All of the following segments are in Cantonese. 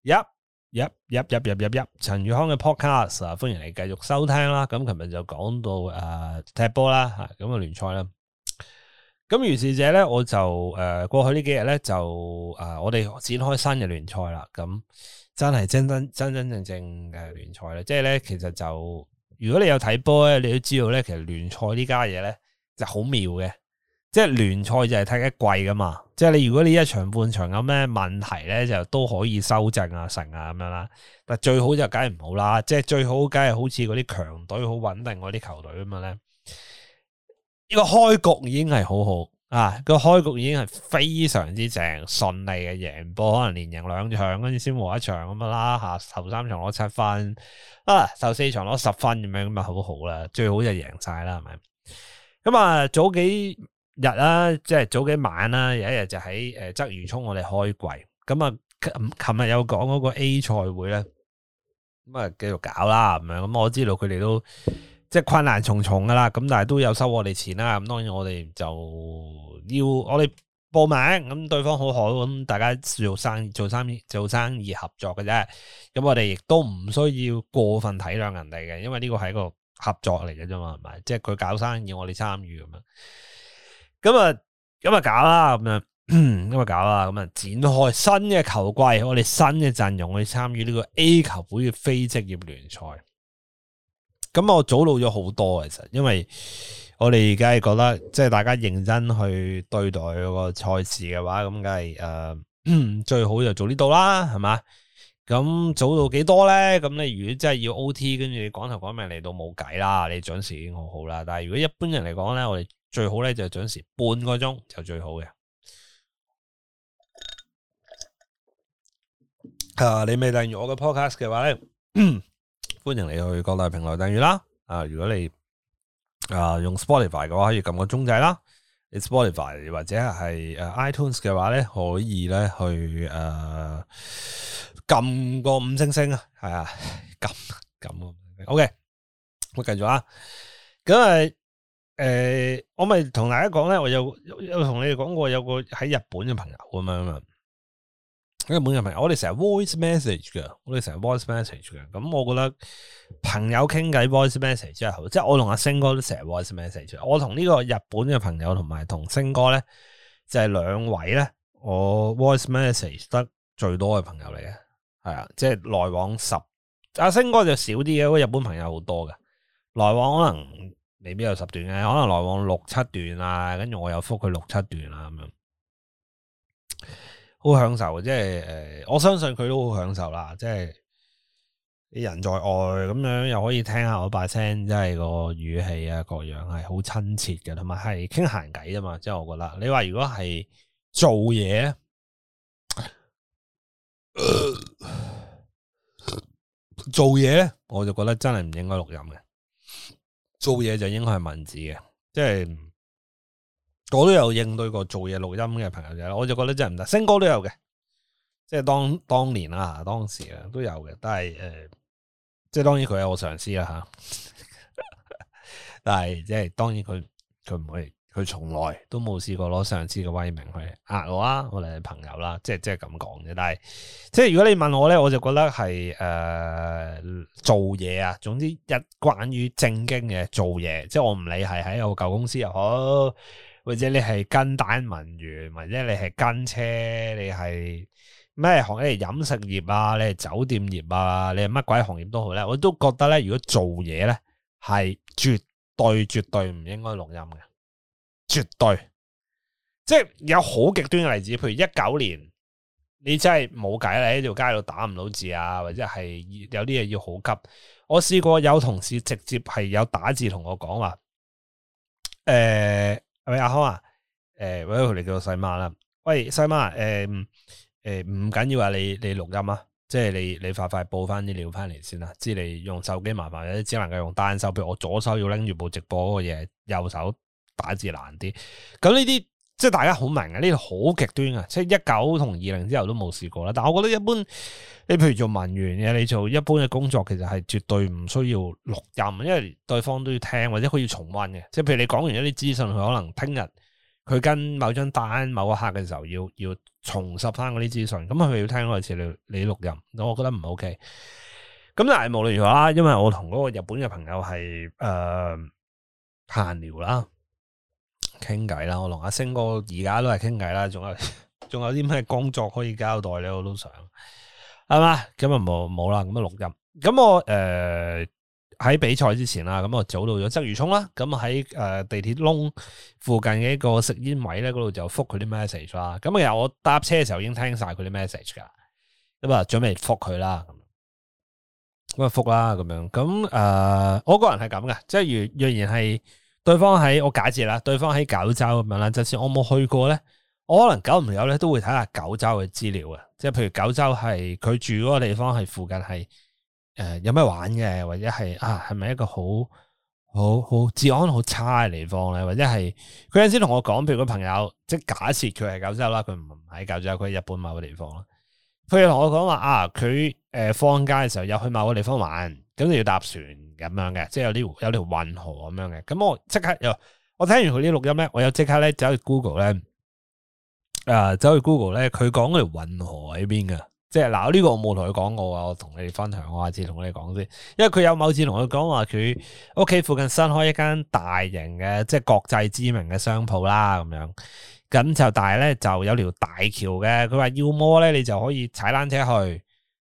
入入入入入入入陳宇康嘅 podcast 啊，歡迎你繼續收聽啦。咁琴日就講到誒、呃、踢波啦，咁啊聯賽啦。咁於是者咧，我就誒、呃、過去呢幾日咧就誒、呃、我哋展開新嘅聯賽啦。咁真係真真真真正正嘅聯賽咧，即係咧其實就如果你有睇波咧，你都知道咧，其實聯賽呢家嘢咧就好妙嘅。即係聯賽就係睇一季噶嘛，即係你如果你一場半場有咩問題咧就都可以修正啊，成啊咁樣啦。但最好就梗係唔好啦，即係最好梗係好似嗰啲強隊好穩定嗰啲球隊咁樣咧。呢個開局已經係好好啊，個開局已經係非常之正，順利嘅贏波，可能連贏兩場，跟住先和一場咁樣啦。吓頭三場攞七分啊，頭四場攞十分咁樣咁啊好好啦，最好就贏晒啦係咪？咁啊早幾。日啦，即係早幾晚啦，有一日就喺誒鰂魚涌我哋開櫃，咁啊，琴日有講嗰個 A 賽會咧，咁啊繼續搞啦，咁樣，咁我知道佢哋都即係困難重重噶啦，咁但係都有收我哋錢啦，咁當然我哋就要我哋報名，咁對方好好，咁大家做生意、做生意、做生意合作嘅啫。咁我哋亦都唔需要過分體諒人哋嘅，因為呢個係一個合作嚟嘅啫嘛，係咪？即係佢搞生意，我哋參與咁樣。咁啊，咁啊搞啦，咁樣，咁啊搞啦，咁啊展開新嘅球季，我哋新嘅陣容去參與呢個 A 球會嘅非職業聯賽。咁我早到咗好多其實，因為我哋而家係覺得，即係大家認真去對待嗰個賽事嘅話，咁梗係誒最好就做呢度啦，係嘛？咁早到幾多咧？咁你如果真係要 OT，跟住你講頭講命嚟到冇計啦，你準時已經好好啦。但係如果一般人嚟講咧，我哋。最好咧就係，準時半個鐘就最好嘅。啊，你未訂閱我嘅 podcast 嘅話咧，嗯，歡迎你去各大平台訂閱啦。啊，如果你啊用 Spotify 嘅話，可以撳個鐘仔啦。你 Spotify 或者係誒、啊、iTunes 嘅話咧，可以咧去誒撳、啊、個五星星啊，係啊，撳撳。OK，我繼續啊。咁誒、欸，我咪同大家講咧，我有有同你哋講過，有個喺日本嘅朋友咁樣啊。日本嘅朋友，我哋成日 voice message 嘅，我哋成日 voice message 嘅。咁、嗯、我覺得朋友傾偈 voice message 真係好，即係我同阿星哥都成日 voice message。我同呢個日本嘅朋友同埋同星哥咧，就係、是、兩位咧，我 voice message 得最多嘅朋友嚟嘅，係啊，即係來往十。阿星哥就少啲嘅，因為日本朋友好多嘅，來往可能。未必有十段嘅、啊，可能來往六七段啊，跟住我又覆佢六七段啦，啊，咁樣好享受，即係誒，我相信佢都好享受啦，即係啲人在外咁樣又可以聽下我把聲，即係個語氣啊，個樣係好親切嘅，同埋係傾閒偈啊嘛，即係我覺得，你話如果係 做嘢，做嘢呢我就覺得真係唔應該錄音嘅。做嘢就應該係文字嘅，即係我都有應對過做嘢錄音嘅朋友仔，我就覺得真係唔得，星哥都有嘅，即係當當年啊，當時啊都有嘅，但係誒、呃，即係當然佢係我上司啊吓，啊、 但係即係當然佢佢唔可以。佢從來都冇試過攞上司嘅威名去呃我啊！我哋係朋友啦、啊，即係即係咁講嘅。但係即係如果你問我咧，我就覺得係誒做嘢啊，總之一關於正經嘅做嘢，即係我唔理係喺我舊公司又好，或者你係跟單文員，或者你係跟車，你係咩行業，你係飲食業啊，你係酒店業啊，你係乜鬼行業都好咧，我都覺得咧，如果做嘢咧係絕對絕對唔應該錄音嘅。絕對，即係有好極端嘅例子，譬如一九年，你真係冇計啦，喺條街度打唔到字啊，或者係有啲嘢要好急。我試過有同事直接係有打字同我講話，誒、欸，係咪阿康啊？誒、欸，喂，叫我嚟叫細媽啦。喂，細媽，誒、欸，誒、欸，唔緊要啊，你你錄音啊，即係你你快快報翻啲料翻嚟先啦。知你用手機麻煩，有啲只能夠用單手，譬如我左手要拎住部直播嗰個嘢，右手。打字難啲，咁呢啲即係大家好明啊，呢啲好極端啊！即係一九同二零之後都冇試過啦。但係我覺得一般，你譬如做文員嘅，你做一般嘅工作，其實係絕對唔需要錄音，因為對方都要聽或者佢要重溫嘅。即係譬如你講完一啲資訊，佢可能聽日佢跟某張單某個客嘅時候要要重拾翻嗰啲資訊，咁佢要聽嗰一次你你錄音，我覺得唔 ok。咁嗱，無論如何啦，因為我同嗰個日本嘅朋友係誒閒聊啦。傾偈啦，我同阿星哥而家都係傾偈啦，仲有仲有啲咩工作可以交代咧？我都想係嘛，咁啊冇冇啦，咁啊錄音。咁我誒喺、呃、比賽之前啦，咁我早到咗鰂魚涌啦，咁啊喺誒地鐵窿附近嘅一個食煙位咧，嗰度就覆佢啲 message 啦。咁其實我搭車嘅時候已經聽晒佢啲 message 噶，咁啊準備覆佢啦，咁咁啊覆啦，咁樣咁誒、呃，我個人係咁嘅，即係若，若然係。對方喺我假設啦，對方喺九州咁樣啦，就算我冇去過咧，我可能久唔久咧都會睇下九州嘅資料啊，即係譬如九州係佢住嗰個地方係附近係誒、呃、有咩玩嘅，或者係啊係咪一個好好好治安好差嘅地方咧，或者係佢有陣時同我講，譬如佢朋友即係假設佢係九州啦，佢唔喺九州，佢係日本某個地方佢同我講話啊，佢誒、呃、放假嘅時候又去某個地方玩，咁就要搭船咁樣嘅，即係有啲有條運河咁樣嘅。咁我即刻又我聽完佢啲錄音咧，我又即刻咧走去 Google 咧，誒、呃、走去 Google 咧，佢講佢運河喺邊㗎？即係嗱呢個我冇同佢講過啊，我同你哋分享我下次同佢講先，因為佢有某次同佢講話佢屋企附近新開一間大型嘅即係國際知名嘅商鋪啦，咁樣。咁就但係咧，就有條大橋嘅。佢話要麼咧，你就可以踩單車去；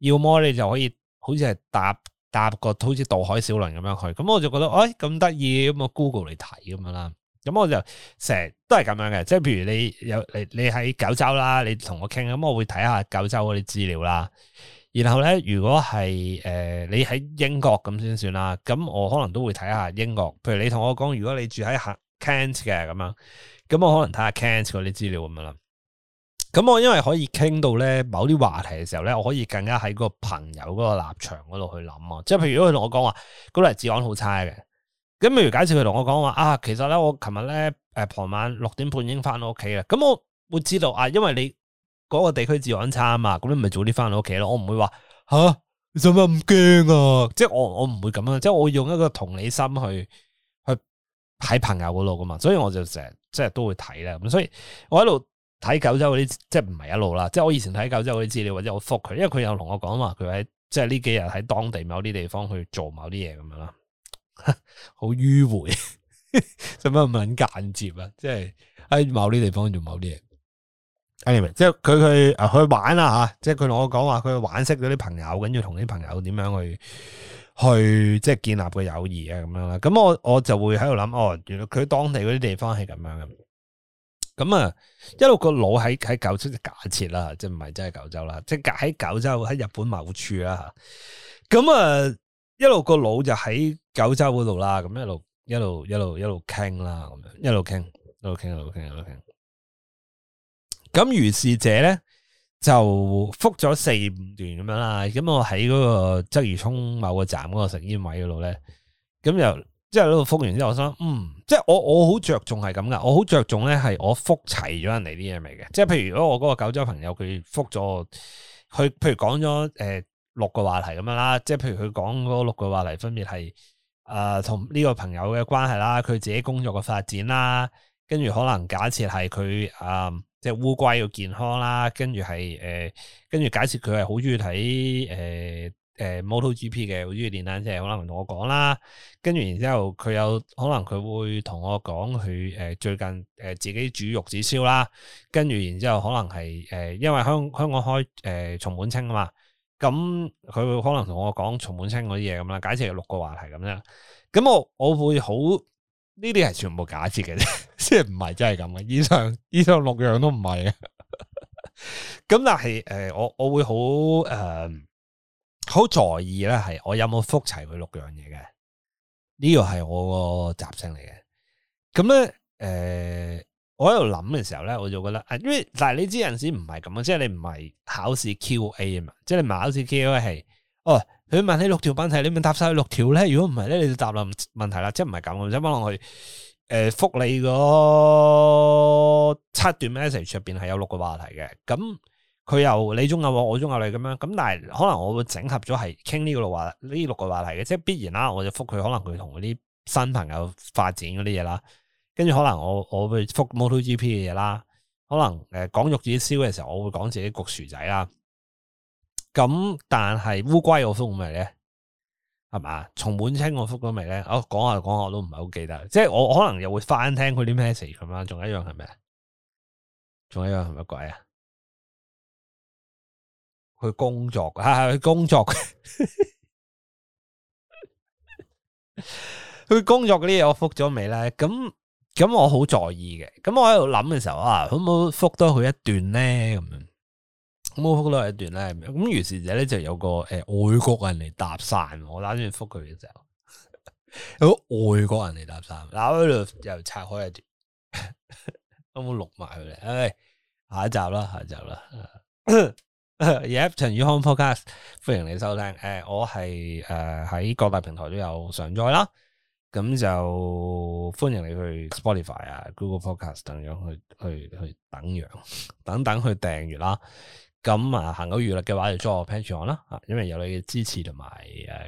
要麼你就可以好搭搭個，好似係搭搭個好似渡海小輪咁樣去。咁我就覺得，哎，咁得意，咁我 Google 嚟睇咁樣啦。咁我就成日都係咁樣嘅。即係譬如你有你你喺九州啦，你同我傾，咁我會睇下九州嗰啲資料啦。然後咧，如果係誒、呃、你喺英國咁先算啦。咁我可能都會睇下英國。譬如你同我講，如果你住喺 Kent 嘅咁樣，咁我可能睇下 Kent 嗰啲資料咁樣啦。咁我因為可以傾到咧某啲話題嘅時候咧，我可以更加喺個朋友嗰個立場嗰度去諗啊。即係譬如，如果佢同我講話，嗰度係治安好差嘅，咁譬如假設佢同我講話啊，其實咧我琴日咧誒傍晚六點半已經翻到屋企啦。咁我會知道啊，因為你嗰個地區治安差啊嘛，咁你咪早啲翻到屋企咯。我唔會話吓，做咩咁驚啊？即係我我唔會咁樣，即係我，我會我會用一個同理心去。睇朋友嗰度噶嘛，所以我就成日即係都會睇啦。咁所以我喺度睇九州嗰啲，即係唔係一路啦。即係我以前睇九州嗰啲資料，或者我覆佢，因為佢又同我講話，佢喺即係呢幾日喺當地某啲地方去做某啲嘢咁樣啦。好迂回，做咩咪咁間接啊？即係喺某啲地方做某啲嘢，anyway 即係佢去去玩啦吓，即係佢同我講話，佢去玩識咗啲朋友，跟住同啲朋友點樣去。去即係建立個友誼啊，咁樣啦。咁我我就會喺度諗哦，原來佢當地嗰啲地方係咁樣嘅。咁啊，一路個腦喺喺九州假設啦，即係唔係真係九州啦，即係喺九州喺日本某處啦。咁啊，一路個腦就喺九州嗰度啦。咁一路一路一路一路傾啦，咁樣一路傾一路傾一路傾一路傾。咁如是者咧，就覆咗四五段咁樣啦，咁我喺嗰個鰂魚涌某個站嗰個食煙位嗰度咧，咁又即係嗰度覆完之後，我想，嗯，即係我我好着重係咁噶，我好着重咧係我，我覆齊咗人哋啲嘢嚟嘅，即係譬如如果我嗰個九州朋友佢覆咗，佢譬如講咗誒六個話題咁樣啦，即係譬如佢講嗰六個話題分別係誒同呢個朋友嘅關係啦，佢自己工作嘅發展啦。跟住可能假設係佢啊，即係烏龜要健康啦。跟住係誒，跟住假設佢係好中意睇誒誒 MotoGP 嘅，好中意電單車，可能同我講啦。跟住然之後佢有可能佢會同我講佢誒最近誒、呃、自己煮肉子燒啦。跟住然之後可能係誒、呃，因為香港香港開誒松本清啊嘛，咁佢會可能同我講松本清嗰啲嘢咁啦。假設有六個話題咁樣，咁我我會好。呢啲係全部假設嘅啫，即係唔係真係咁嘅。以上以上六樣都唔係嘅，咁 但係誒，我我會好誒，好、呃、在意咧，係我有冇復齊佢六樣嘢嘅？呢個係我個習性嚟嘅。咁咧，誒，我喺度諗嘅時候咧，我就覺得，因為但係你知有陣時唔係咁啊，即係你唔係考試 QA 啊嘛，即係你唔係考試 QA 係哦。佢問你六條問題，你咪答晒六條咧。如果唔係咧，你就答啦問題啦，即係唔係咁。我想幫佢誒覆你嗰七段 message 入邊係有六個話題嘅。咁佢又你中有我，我中有你咁樣。咁但係可能我會整合咗係傾呢個話題，呢六個話題嘅，即係必然啦。我就覆佢，可能佢同嗰啲新朋友發展嗰啲嘢啦。跟住可能我我會覆 MotoGP 嘅嘢啦。可能誒講肉燕燒嘅時候，我會講自己焗薯仔啦。咁，但係烏龜我覆咗未咧？係嘛？從滿清我覆咗未咧？哦，講下講下，我都唔係好記得。即係我可能又會翻聽佢啲 message 咁啦。仲有一樣係咩？仲有一樣係乜鬼啊？去工作吓，去工作。哎、去工作嗰啲嘢我覆咗未咧？咁咁我好在意嘅。咁我喺度諗嘅時候啊，可唔可以覆多佢一段咧？咁樣。我覆到一段咧，咁於是者咧就有個誒、呃、外國人嚟搭訕，我打算覆佢嘅時候，有個外國人嚟搭訕，嗱，我度又拆開一段，我冇錄埋佢嚟，下一集啦，下一集啦。Yep 而家陳宇康 Podcast 歡迎你收聽，誒、呃、我係誒喺各大平台都有上載啦，咁就歡迎你去 Spotify 啊、Google Podcast 等樣去去去等樣等，等等去訂閲啦。咁啊，行有餘力嘅話，就 join 我 Patreon 啦，因為有你嘅支持同埋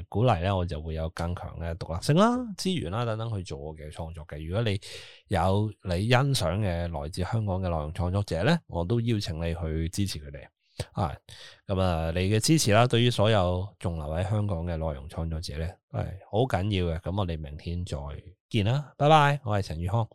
誒鼓勵咧，我就會有更強嘅獨立性啦、資源啦等等去做我嘅創作嘅。如果你有你欣賞嘅來自香港嘅內容創作者咧，我都邀請你去支持佢哋啊。咁啊，你嘅支持啦，對於所有仲留喺香港嘅內容創作者咧，係好緊要嘅。咁我哋明天再見啦，拜拜。我係陳宇康。